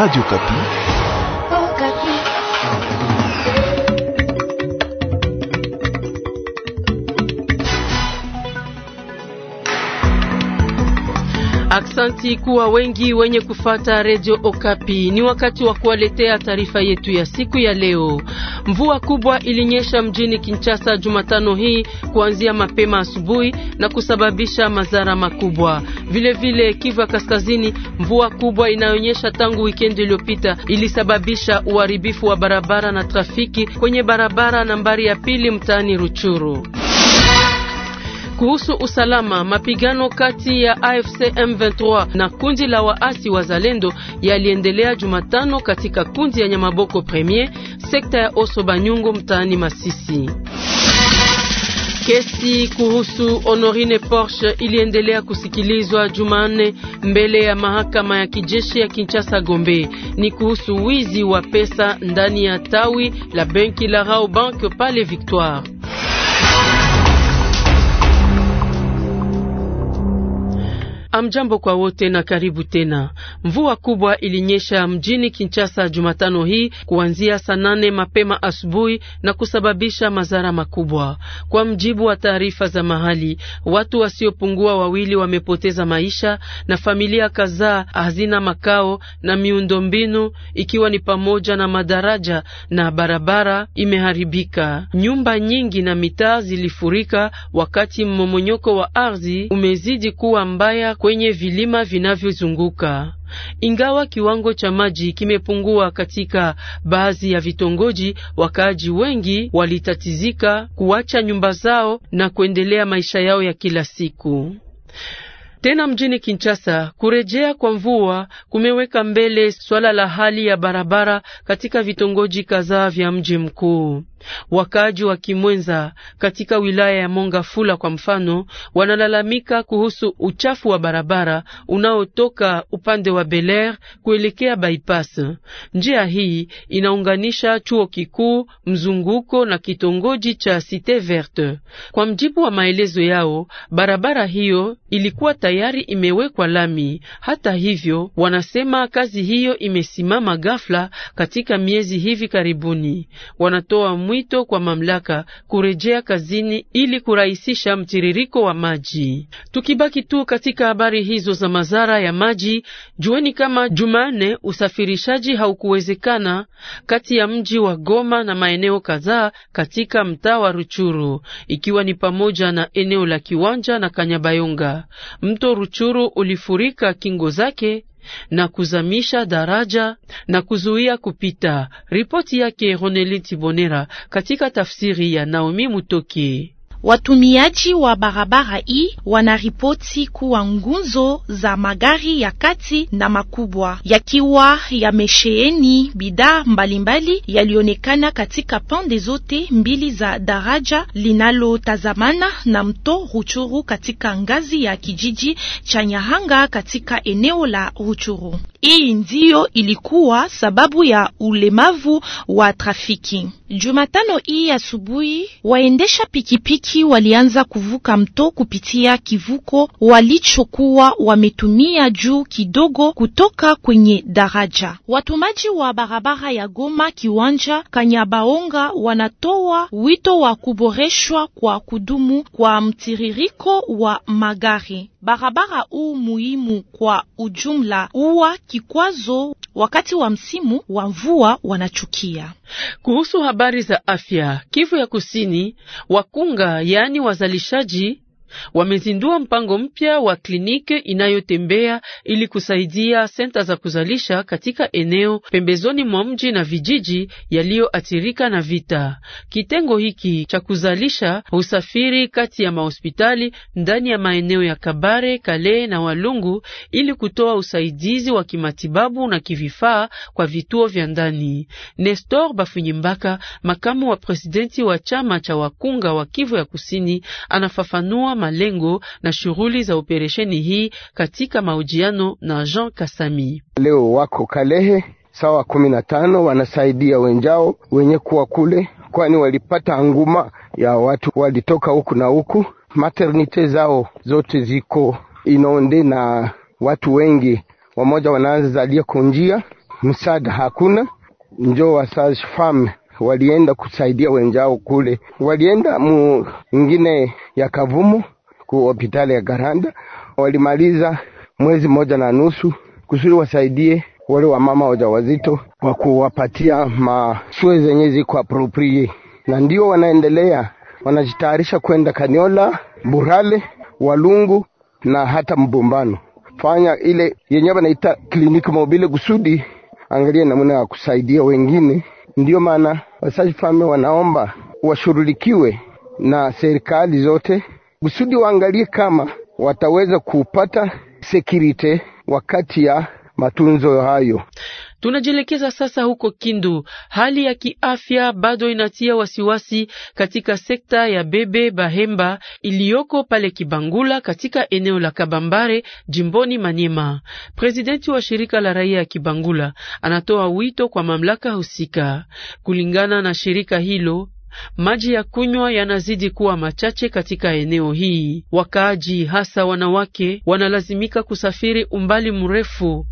Radio Kapi. Aksanti kuwa wengi wenye kufata redio Okapi. Ni wakati wa kuwaletea taarifa yetu ya siku ya leo. Mvua kubwa ilinyesha mjini Kinshasa Jumatano hii kuanzia mapema asubuhi na kusababisha madhara makubwa. Vilevile Kivu Kaskazini, mvua kubwa inayonyesha tangu wikendi iliyopita ilisababisha uharibifu wa barabara na trafiki kwenye barabara nambari ya pili mtaani Ruchuru. Kuhusu usalama, mapigano kati ya AFC M23 na kundi la waasi wa Zalendo yaliendelea Jumatano katika kundi ya Nyamaboko Premier, sekta ya Oso Banyungu mtaani Masisi. Kesi kuhusu Honorine Porsche iliendelea kusikilizwa Jumanne mbele ya mahakama ya kijeshi ya Kinshasa Gombe. Ni kuhusu wizi wa pesa ndani ya tawi la benki la Rao Bank pale Victoire. Amjambo kwa wote na karibu tena. Mvua kubwa ilinyesha mjini Kinshasa Jumatano hii kuanzia saa nane mapema asubuhi na kusababisha madhara makubwa. Kwa mjibu wa taarifa za mahali, watu wasiopungua wawili wamepoteza maisha na familia kadhaa hazina makao na miundombinu ikiwa ni pamoja na madaraja na barabara imeharibika. Nyumba nyingi na mitaa zilifurika wakati mmomonyoko wa ardhi umezidi kuwa mbaya kwenye vilima vinavyozunguka. Ingawa kiwango cha maji kimepungua katika baadhi ya vitongoji, wakaaji wengi walitatizika kuacha nyumba zao na kuendelea maisha yao ya kila siku. Tena mjini Kinshasa, kurejea kwa mvua kumeweka mbele swala la hali ya barabara katika vitongoji kadhaa vya mji mkuu. Wakaaji wa Kimwenza katika wilaya ya Mongafula kwa mfano wanalalamika kuhusu uchafu wa barabara unaotoka upande wa Beler kuelekea bypass. Njia hii inaunganisha chuo kikuu mzunguko na kitongoji cha Cite Verte. Kwa mjibu wa maelezo yao, barabara hiyo ilikuwa tayari imewekwa lami. Hata hivyo, wanasema kazi hiyo imesimama ghafla katika miezi hivi karibuni. Wanatoa mwito kwa mamlaka kurejea kazini ili kurahisisha mtiririko wa maji. Tukibaki tu katika habari hizo za madhara ya maji, jueni kama Jumanne usafirishaji haukuwezekana kati ya mji wa Goma na maeneo kadhaa katika mtaa wa Ruchuru, ikiwa ni pamoja na eneo la Kiwanja na Kanyabayonga. Mto Ruchuru ulifurika kingo zake na kuzamisha daraja na kuzuia kupita. Ripoti yake Ronelin Tibonera katika tafsiri ya Naomi Mutoki. Watumiaji wa barabara hii wanaripoti kuwa nguzo za magari ya kati na makubwa yakiwa yamesheheni bidhaa mbalimbali yalionekana katika pande zote mbili za daraja linalotazamana na mto Ruchuru katika ngazi ya kijiji cha Nyahanga katika eneo la Ruchuru. Hii ndiyo ilikuwa sababu ya ulemavu wa trafiki. Jumatano hii asubuhi, waendesha pikipiki walianza kuvuka mto kupitia kivuko walichokuwa wametumia juu kidogo kutoka kwenye daraja. Watumaji wa barabara ya Goma Kiwanja Kanyabaonga wanatoa wito wa kuboreshwa kwa kudumu kwa mtiririko wa magari. Barabara huu muhimu kwa ujumla huwa kikwazo wakati wa msimu wa mvua wanachukia. Kuhusu habari za afya, Kivu ya Kusini, wakunga yaani wazalishaji Wamezindua mpango mpya wa kliniki inayotembea ili kusaidia senta za kuzalisha katika eneo pembezoni mwa mji na vijiji yaliyoathirika na vita. Kitengo hiki cha kuzalisha husafiri kati ya mahospitali ndani ya maeneo ya Kabare, Kale na Walungu ili kutoa usaidizi wa kimatibabu na kivifaa kwa vituo vya ndani. Nestor Bafunyimbaka, makamu wa presidenti wa chama cha wakunga wa Kivu ya Kusini, anafafanua malengo na shughuli za operesheni hii katika mahojiano na Jean Kasami. Leo wako Kalehe sawa kumi na tano wanasaidia wenjao wenye kuwa kule, kwani walipata nguma ya watu walitoka huku na huku. Maternite zao zote ziko inonde na watu wengi, wamoja wanaanza zalia kunjia, msaada hakuna, njo wasage femme walienda kusaidia wenzao kule, walienda mu ingine ya Kavumu ku hospitali ya Garanda, walimaliza mwezi moja na nusu kusudi wasaidie wale wamama wajawazito wa kuwapatia masue zenye ziko aproprie, na ndio wanaendelea wanajitayarisha kwenda Kaniola, Burale, Walungu na hata Mbumbano fanya ile yenyewe wanaita kliniki mobile kusudi angalia namna ya kusaidia wengine. Ndiyo maana wasafi falme wanaomba washughulikiwe na serikali zote kusudi waangalie kama wataweza kupata sekirite wakati ya matunzo hayo. Tunajielekeza sasa huko Kindu. Hali ya kiafya bado inatia wasiwasi katika sekta ya Bebe Bahemba iliyoko pale Kibangula katika eneo la Kabambare jimboni Manyema. Presidenti wa shirika la raia ya Kibangula anatoa wito kwa mamlaka husika. Kulingana na shirika hilo maji ya kunywa yanazidi kuwa machache katika eneo hii. Wakaaji hasa wanawake wanalazimika kusafiri umbali mrefu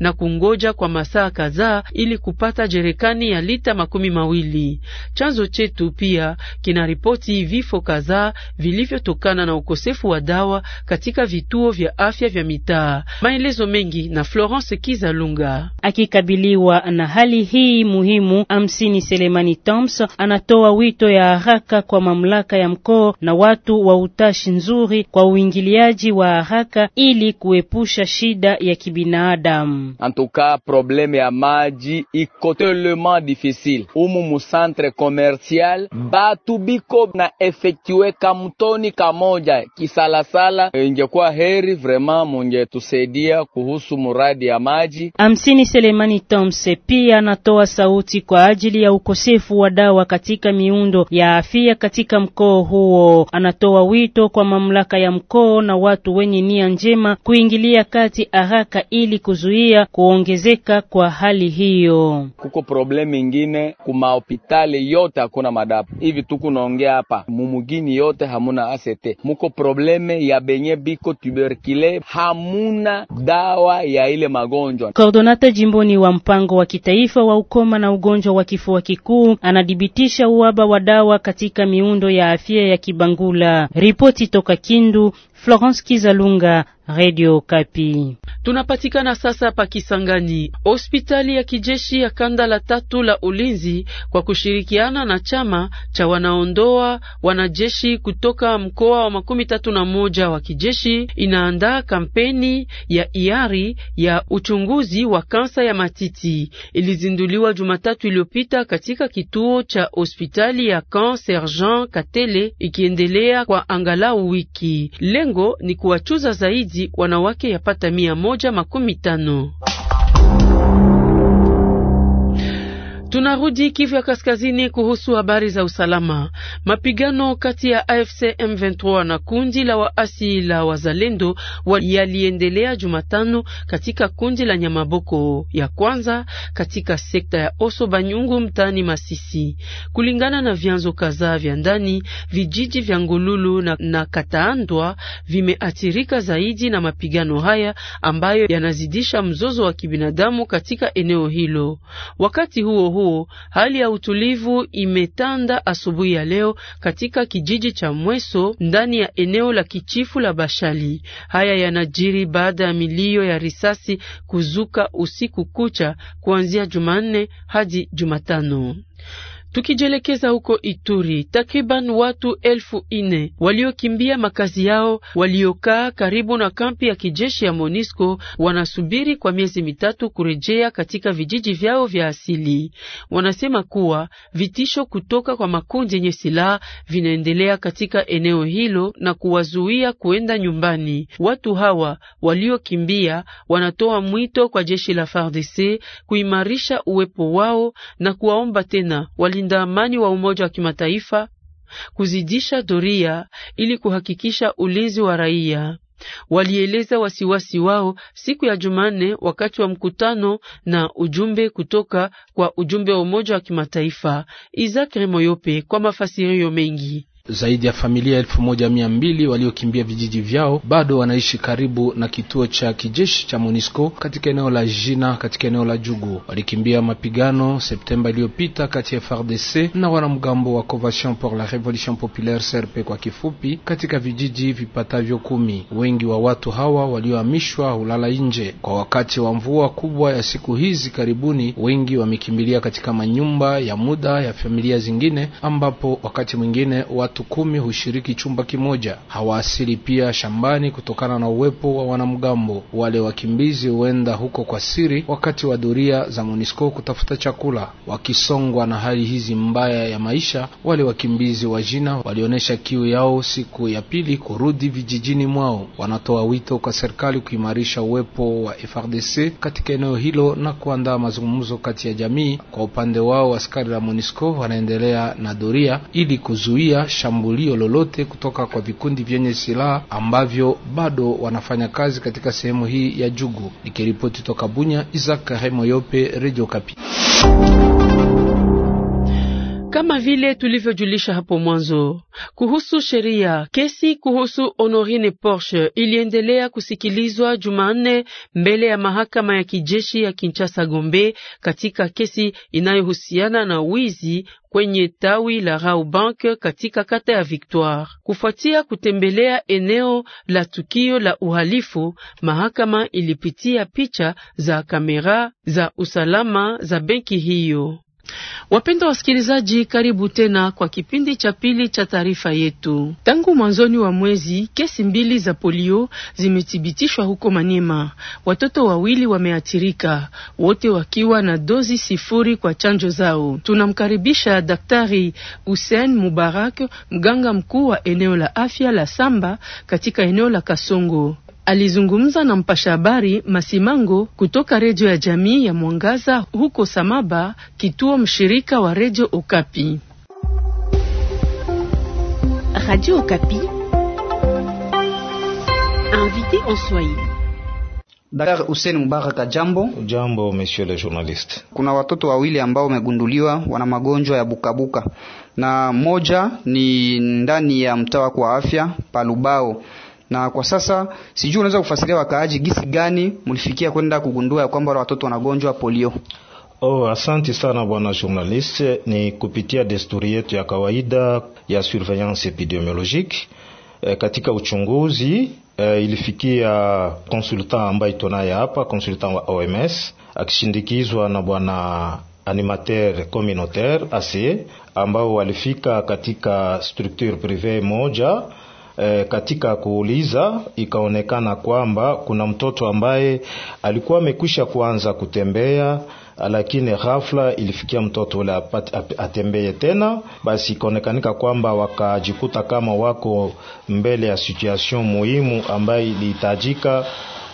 na kungoja kwa masaa kadhaa ili kupata jerekani ya lita makumi mawili. Chanzo chetu pia kinaripoti vifo kadhaa vilivyotokana na ukosefu wa dawa katika vituo vya afya vya mitaa. Maelezo mengi na Florence Kizalunga. Akikabiliwa na hali hii muhimu, Amsini Selemani Toms anatoa wito ya haraka kwa mamlaka ya mkoo na watu wa utashi nzuri kwa uingiliaji wa haraka ili kuepusha shida ya kibinadamu. Naam. En tout cas, problème ya maji iko tellement difficile umu centre commercial batu biko na efektue kamtoni kamoja kisalasala. Ingekuwa heri vraiment mungetusaidia kuhusu muradi ya maji. Amsini Selemani Tomse pia anatoa sauti kwa ajili ya ukosefu wa dawa katika miundo ya afya katika mkoa huo. Anatoa wito kwa mamlaka ya mkoa na watu wenye nia njema kuingilia kati haraka ili kuzuia kuzuia kuongezeka kwa hali hiyo. Kuko probleme ingine kumahopitali yote hakuna madapo, hivi Kunaongea hapa mumugini yote hamuna asete, Muko probleme ya benye biko tuberkule, hamuna dawa ya ile magonjwa. Kordonata jimboni wa mpango wa kitaifa wa ukoma na ugonjwa wa kifua kikuu anadhibitisha uhaba wa dawa katika miundo ya afya ya Kibangula. Ripoti toka Kindu. Florence Kizalunga, Radio Kapi. Tunapatikana sasa pa Kisangani. Hospitali ya kijeshi ya kanda la tatu la ulinzi kwa kushirikiana na chama cha wanaondoa wanajeshi kutoka mkoa wa makumi tatu na moja wa kijeshi inaandaa kampeni ya iari ya uchunguzi wa kansa ya matiti. Ilizinduliwa Jumatatu iliyopita katika kituo cha hospitali ya Camp Sergent Katele ikiendelea kwa angalau wiki. Lengo lengo ni kuwachuza zaidi wanawake yapata mia moja makumi tano. Tunarudi Kivu ya Kaskazini kuhusu habari za usalama. Mapigano kati ya AFC M23 na kundi la waasi la Wazalendo yaliendelea Jumatano katika kundi la Nyamaboko ya kwanza katika sekta ya Oso Banyungu mtaani Masisi. Kulingana na vyanzo kadhaa vya ndani, vijiji vya Ngululu na, na Kataandwa vimeathirika zaidi na mapigano haya ambayo yanazidisha mzozo wa kibinadamu katika eneo hilo. Wakati huo huo huo, hali ya utulivu imetanda asubuhi ya leo katika kijiji cha Mweso ndani ya eneo la kichifu la Bashali. Haya yanajiri baada ya milio ya risasi kuzuka usiku kucha kuanzia Jumanne hadi Jumatano. Tukijelekeza huko Ituri, takriban watu elfu ine waliokimbia makazi yao waliokaa karibu na kampi ya kijeshi ya Monisco wanasubiri kwa miezi mitatu kurejea katika vijiji vyao vya asili. Wanasema kuwa vitisho kutoka kwa makundi yenye silaha vinaendelea katika eneo hilo na kuwazuia kuenda nyumbani. Watu hawa waliokimbia wanatoa mwito kwa jeshi la FARDC kuimarisha uwepo wao na kuwaomba tena wali walinda amani wa Umoja wa Kimataifa kuzidisha doria ili kuhakikisha ulinzi wa raia. Walieleza wasiwasi wao siku ya Jumanne wakati wa mkutano na ujumbe kutoka kwa ujumbe wa Umoja wa Kimataifa. Isaac Remoyope kwa mafasirio mengi. Zaidi ya familia elfu moja mia mbili waliokimbia vijiji vyao bado wanaishi karibu na kituo cha kijeshi cha MONUSCO katika eneo la Jina katika eneo la Jugu. Walikimbia mapigano Septemba iliyopita kati ya FARDC na wanamgambo wa Convention pour la Revolution Populaire CRP kwa kifupi, katika vijiji vipatavyo kumi. Wengi wa watu hawa waliohamishwa hulala nje kwa wakati wa mvua kubwa ya siku hizi karibuni. Wengi wamekimbilia katika manyumba ya muda ya familia zingine, ambapo wakati mwingine watu watu kumi hushiriki chumba kimoja. Hawaasili pia shambani kutokana na uwepo wa wanamgambo. Wale wakimbizi huenda huko kwa siri wakati wa doria za MONUSCO kutafuta chakula. Wakisongwa na hali hizi mbaya ya maisha, wale wakimbizi wa jina walionyesha kiu yao siku ya pili kurudi vijijini mwao. Wanatoa wito kwa serikali kuimarisha uwepo wa FARDC katika eneo hilo na kuandaa mazungumzo kati ya jamii. Kwa upande wao, askari la MONUSCO wanaendelea na doria ili kuzuia shambulio lolote kutoka kwa vikundi vyenye silaha ambavyo bado wanafanya kazi katika sehemu hii ya Jugu. Nikiripoti toka Bunya, Isaac Kahemoyope, Radio Kapi. Kama vile tulivyojulisha hapo mwanzo kuhusu sheria, kesi kuhusu Honorine Porsche iliendelea kusikilizwa Jumanne mbele ya mahakama ya kijeshi ya Kinshasa Gombe katika kesi inayohusiana na wizi kwenye tawi la rau bank katika kata ya Victoire. Kufuatia kutembelea eneo la tukio la uhalifu, mahakama ilipitia picha za kamera za usalama za benki hiyo. Wapendwa wasikilizaji, karibu tena kwa kipindi cha pili cha taarifa yetu. Tangu mwanzoni wa mwezi, kesi mbili za polio zimethibitishwa huko Maniema. Watoto wawili wameathirika, wote wakiwa na dozi sifuri kwa chanjo zao. Tunamkaribisha Daktari Hussein Mubarak, mganga mkuu wa eneo la afya la Samba katika eneo la Kasongo. Alizungumza na mpasha habari Masimango kutoka redio ya jamii ya Mwangaza huko Samaba, kituo mshirika wa redio Okapi. Radio Okapi invité en Swahili. Hussein Mubarak, jambo. Jambo monsieur le journaliste. Kuna watoto wawili ambao wamegunduliwa wana magonjwa ya bukabuka, na moja ni ndani ya mtaa wa afya Palubao na kwa sasa sijui unaweza kufasiria wakaaji gisi gani mlifikia kwenda kugundua ya kwamba watoto wanagonjwa polio? Oh, asante sana bwana journaliste. Ni kupitia desturi yetu ya kawaida ya surveillance epidemiologique e, katika uchunguzi e, ilifikia consultant ambaye tunaye hapa, konsultant wa OMS akishindikizwa na bwana animateur communautaire AC ambao walifika katika structure privée moja e, katika kuuliza ikaonekana kwamba kuna mtoto ambaye alikuwa amekwisha kuanza kutembea lakini ghafla ilifikia mtoto ule atembee tena. Basi ikaonekanika kwamba wakajikuta kama wako mbele ya situation muhimu ambayo ilihitajika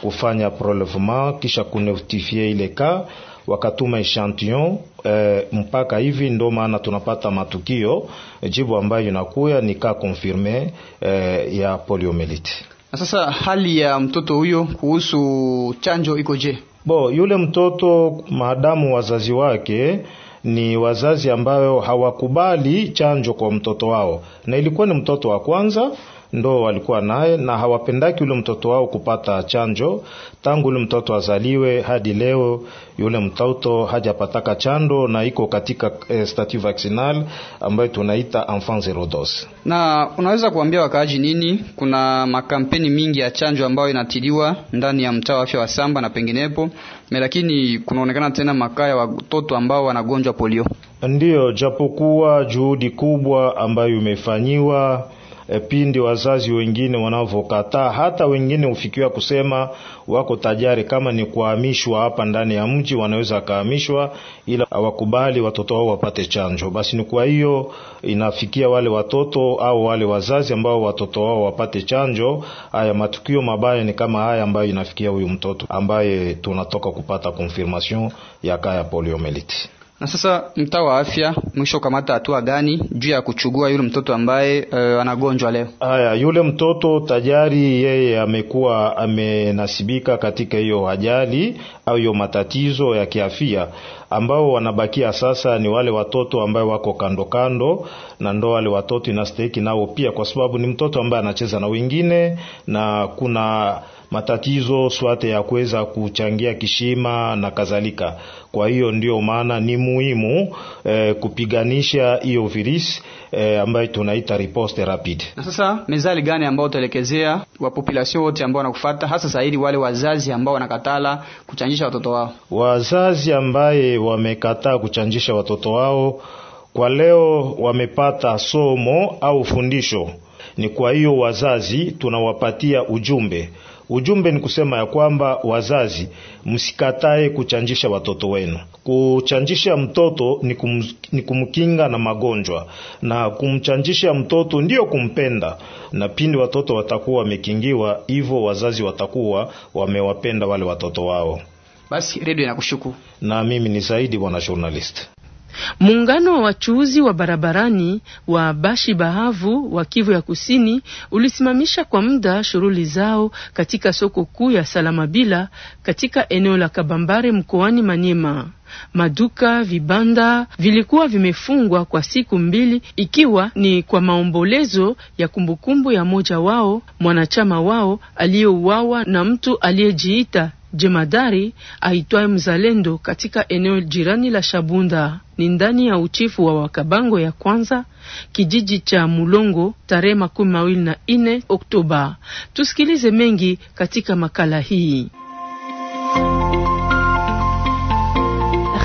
kufanya prolevement kisha kunotifie ile kaa wakatuma echantillon e, eh, mpaka hivi ndo maana tunapata matukio jibu ambayo inakuya ni ka konfirme e, eh, ya poliomyelite. Na sasa hali ya mtoto huyo kuhusu chanjo ikoje? Bo, yule mtoto maadamu wazazi wake ni wazazi ambayo hawakubali chanjo kwa mtoto wao, na ilikuwa ni mtoto wa kwanza ndo walikuwa naye na hawapendaki yule mtoto wao kupata chanjo tangu yule mtoto azaliwe hadi leo yule mtoto hajapataka chanjo na iko katika eh, statu vaccinal ambayo tunaita enfant zero dose. Na unaweza kuambia wakaaji nini? Kuna makampeni mingi ya chanjo ambayo inatiliwa ndani ya mtaa wa afya wa Samba na penginepo, lakini kunaonekana tena makaa ya watoto ambao wanagonjwa polio. Ndiyo, japokuwa juhudi kubwa ambayo imefanyiwa e, pindi wazazi wengine wanavyokataa. Hata wengine hufikiwa kusema wako tajari, kama ni kuhamishwa hapa ndani ya mji wanaweza wakahamishwa, ila hawakubali watoto wao wapate chanjo. Basi ni kwa hiyo inafikia wale watoto au wale wazazi ambao watoto wao wapate chanjo. Haya matukio mabaya ni kama haya ambayo inafikia huyu mtoto ambaye tunatoka kupata confirmation ya kaya poliomyelitis. Na sasa mtaa wa afya mwisho ukamata hatua gani juu ya kuchugua yule mtoto ambaye uh, eh, anagonjwa leo? Haya, yule mtoto tajari yeye amekuwa amenasibika katika hiyo ajali au hiyo matatizo ya kiafya. Ambao wanabakia sasa ni wale watoto ambao wako kando kando, na ndo wale watoto inastahiki nao pia, kwa sababu ni mtoto ambaye anacheza na wengine na kuna matatizo swate ya kuweza kuchangia kishima na kadhalika. Kwa hiyo ndio maana ni muhimu eh, kupiganisha hiyo virisi eh, ambayo tunaita riposte rapide. Na sasa mezali gani ambao utaelekezea wa population wote ambao wanakufuata, hasa zaidi wale wazazi ambao wanakatala kuchanjisha watoto wao? Wazazi ambaye wamekataa kuchanjisha watoto wao kwa leo wamepata somo au fundisho. Ni kwa hiyo wazazi tunawapatia ujumbe Ujumbe ni kusema ya kwamba wazazi, msikatae kuchanjisha watoto wenu. Kuchanjisha mtoto ni, kum, ni kumkinga na magonjwa, na kumchanjisha mtoto ndiyo kumpenda, na pindi watoto watakuwa wamekingiwa hivyo, wazazi watakuwa wamewapenda wale watoto wao. Basi redio inakushukuru. Na mimi ni zaidi bwana journalist. Muungano wa wachuuzi wa barabarani wa Bashi Bahavu wa Kivu ya Kusini ulisimamisha kwa muda shughuli zao katika soko kuu ya Salamabila katika eneo la Kabambare mkoani Manyema. Maduka, vibanda vilikuwa vimefungwa kwa siku mbili ikiwa ni kwa maombolezo ya kumbukumbu ya moja wao mwanachama wao aliyeuawa na mtu aliyejiita jemadari aitwaye mzalendo katika eneo jirani la Shabunda ni ndani ya uchifu wa Wakabango ya kwanza kijiji cha Mulongo tarehe makumi mawili na nne Oktoba. Tusikilize mengi katika makala hii.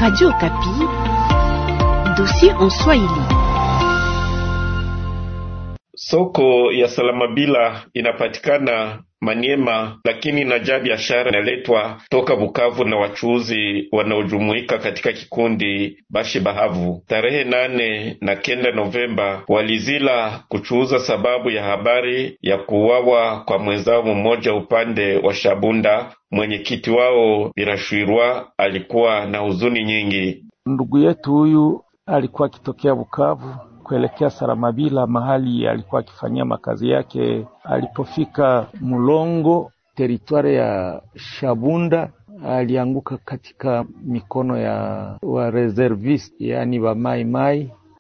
Radio Kapi, en Swahili. Soko ya Salamabila inapatikana Maniema, lakini najaa biashara inaletwa toka Bukavu na wachuuzi wanaojumuika katika kikundi Bashi Bahavu. Tarehe nane na kenda Novemba walizila kuchuuza sababu ya habari ya kuuawa kwa mwenzao mmoja upande wa Shabunda. Mwenyekiti wao Birashwirwa alikuwa na huzuni nyingi. Ndugu yetu huyu alikuwa akitokea Bukavu kuelekea Saramabila mahali alikuwa akifanyia makazi yake. Alipofika Mulongo teritwari ya Shabunda alianguka katika mikono ya wa reservist, yaani wa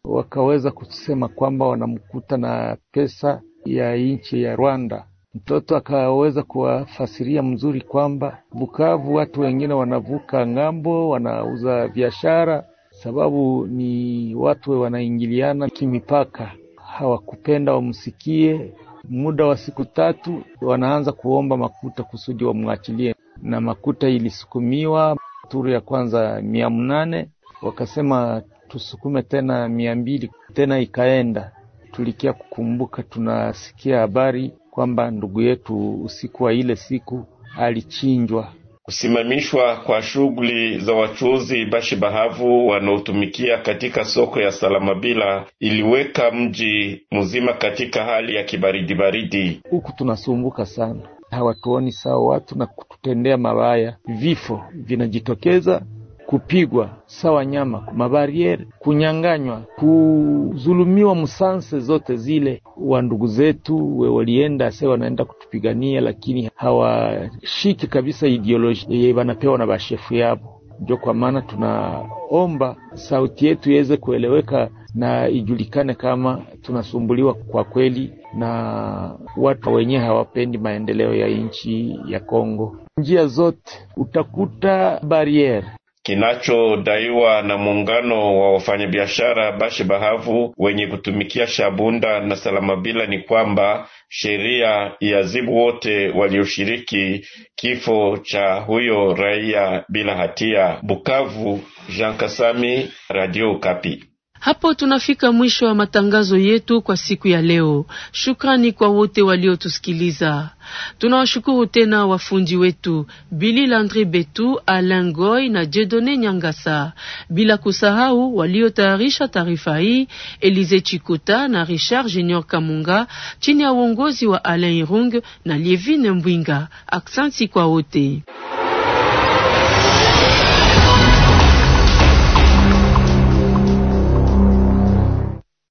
Wakaweza kusema kwamba wanamkuta na pesa ya nchi ya Rwanda. Mtoto akaweza kuwafasiria mzuri kwamba Bukavu watu wengine wanavuka ng'ambo, wanauza biashara sababu ni watu wanaingiliana kimipaka, hawakupenda wamsikie. Muda wa siku tatu wanaanza kuomba Makuta kusudi wamwachilie, na Makuta ilisukumiwa turu ya kwanza mia mnane wakasema tusukume tena mia mbili tena ikaenda. Tulikia kukumbuka, tunasikia habari kwamba ndugu yetu usiku wa ile siku alichinjwa. Kusimamishwa kwa shughuli za wachuuzi bashi bahavu wanaotumikia katika soko ya Salamabila iliweka mji mzima katika hali ya kibaridi baridi. Huku tunasumbuka sana, hawatuoni sawa watu na kututendea mabaya, vifo vinajitokeza kupigwa sawa nyama, mabarieri, kunyanganywa, kuzulumiwa, msanse zote zile. Wa ndugu zetu we walienda se wanaenda kutupigania, lakini hawashiki kabisa ideoloji yeye wanapewa na bashefu yabo. Ndio kwa maana tunaomba sauti yetu iweze kueleweka na ijulikane kama tunasumbuliwa kwa kweli, na watu wenyewe hawapendi maendeleo ya nchi ya Kongo. Njia zote utakuta bariere kinachodaiwa na muungano wa wafanyabiashara Bashi Bahavu wenye kutumikia Shabunda na Salamabila ni kwamba sheria yazibu wote walioshiriki kifo cha huyo raia bila hatia. Bukavu, Jean Kasami, Radio Kapi. Hapo tunafika mwisho wa matangazo yetu kwa siku ya leo. Shukrani kwa wote waliotusikiliza. Tunawashukuru tena wafundi wetu Bili Landri Betu, Alain Goy na Jedone Nyangasa, bila kusahau waliotayarisha taarifa hii Elize Chikuta na Richard Junior Kamunga, chini ya uongozi wa Alain Irung na Lievine Mbwinga. aksanti kwa wote.